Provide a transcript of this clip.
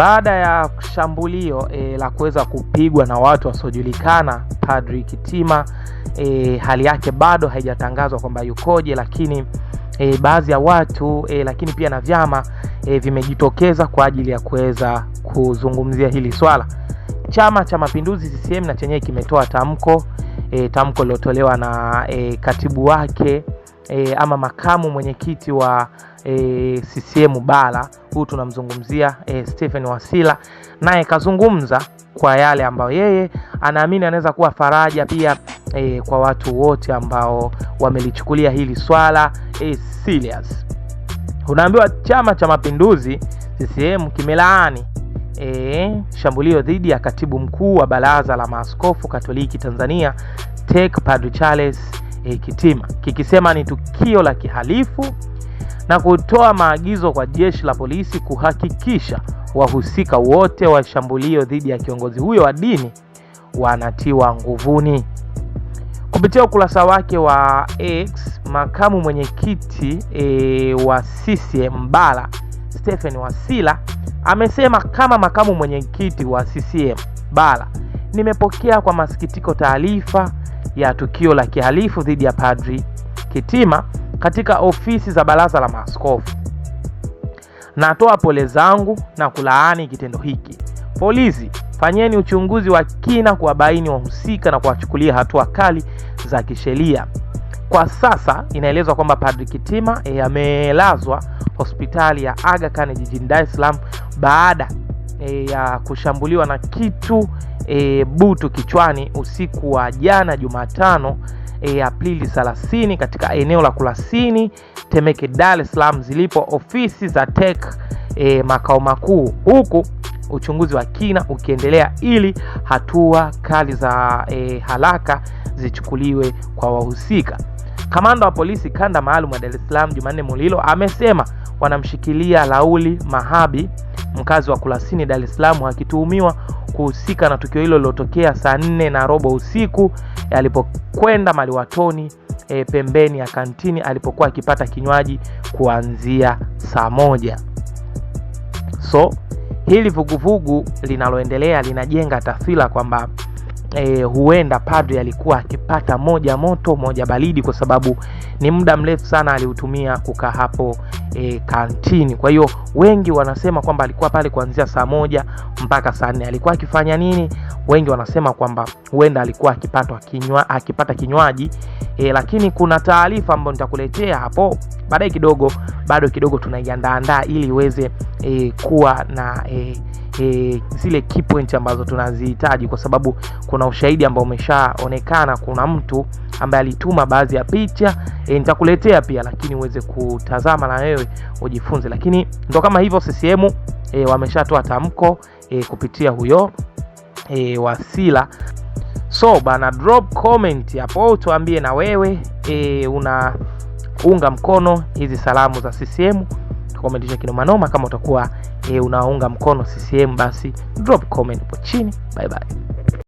Baada ya shambulio e, la kuweza kupigwa na watu wasiojulikana Padri Kitima, e, hali yake bado haijatangazwa kwamba yukoje, lakini e, baadhi ya watu e, lakini pia na vyama e, vimejitokeza kwa ajili ya kuweza kuzungumzia hili swala. Chama cha Mapinduzi CCM na chenyewe kimetoa tamko e, tamko lilotolewa na e, katibu wake e, ama makamu mwenyekiti wa e, CCM bara, huyu tunamzungumzia e, Stephen Wasira, naye kazungumza kwa yale ambayo yeye anaamini anaweza kuwa faraja pia e, kwa watu wote ambao wamelichukulia hili swala e, serious. Unaambiwa Chama cha Mapinduzi CCM kimelaani e, shambulio dhidi ya katibu mkuu wa Baraza la Maaskofu Katoliki Tanzania TEC Padre Charles e, Kitima kikisema ni tukio la kihalifu na kutoa maagizo kwa jeshi la polisi kuhakikisha wahusika wote wa shambulio dhidi ya kiongozi huyo wa dini wanatiwa nguvuni. Kupitia ukurasa wake wa X, makamu mwenyekiti e, wa CCM Bara Stephen Wasira amesema, kama makamu mwenyekiti wa CCM Bara, nimepokea kwa masikitiko taarifa ya tukio la kihalifu dhidi ya Padri Kitima katika ofisi za Baraza la Maaskofu. Natoa pole zangu na kulaani kitendo hiki. Polisi, fanyeni uchunguzi wa kina kuwabaini wahusika na kuwachukulia hatua kali za kisheria. Kwa sasa inaelezwa kwamba Padri Kitima e, amelazwa hospitali ya Aga Khan jijini Dar es Salaam baada eh, ya e, kushambuliwa na kitu e, butu kichwani usiku wa jana Jumatano e, Aprili 30 katika eneo la Kurasini, Temeke, Dar es Salaam zilipo ofisi za TEC e, makao makuu, huku uchunguzi wa kina ukiendelea ili hatua kali za e, haraka zichukuliwe kwa wahusika. Kamanda wa polisi kanda maalum wa Dar es Salaam Jumanne Mulilo amesema wanamshikilia Lauli Mahabi, mkazi wa Kurasini, Dar es Salaam, akituhumiwa kuhusika na tukio hilo lilotokea saa nne na robo usiku alipokwenda maliwatoni e, pembeni ya kantini alipokuwa akipata kinywaji kuanzia saa moja. So hili vuguvugu linaloendelea linajenga taswira kwamba e, huenda padri alikuwa akipata moja moto moja baridi, kwa sababu ni muda mrefu sana aliutumia kukaa hapo e, kantini. Kwa hiyo wengi wanasema kwamba alikuwa pale kuanzia saa moja mpaka saa nne. Alikuwa akifanya nini? Wengi wanasema kwamba huenda alikuwa akipata kinywa, akipata kinywaji e, lakini kuna taarifa ambayo nitakuletea hapo baadaye kidogo, bado kidogo tunaiandaandaa ili iweze e, kuwa na e, E, zile key point ambazo tunazihitaji kwa sababu kuna ushahidi ambao umeshaonekana, kuna mtu ambaye alituma baadhi ya picha e, nitakuletea pia lakini uweze kutazama na wewe ujifunze. Lakini ndo kama hivyo CCM e, eh, wameshatoa tamko e, kupitia huyo e, wasila So bana, drop comment hapo tuambie na wewe e, unaunga mkono hizi salamu za CCM Komentisha kinomanoma. Kama utakuwa e, unaunga mkono CCM, basi drop comment hapo chini. Bye bye.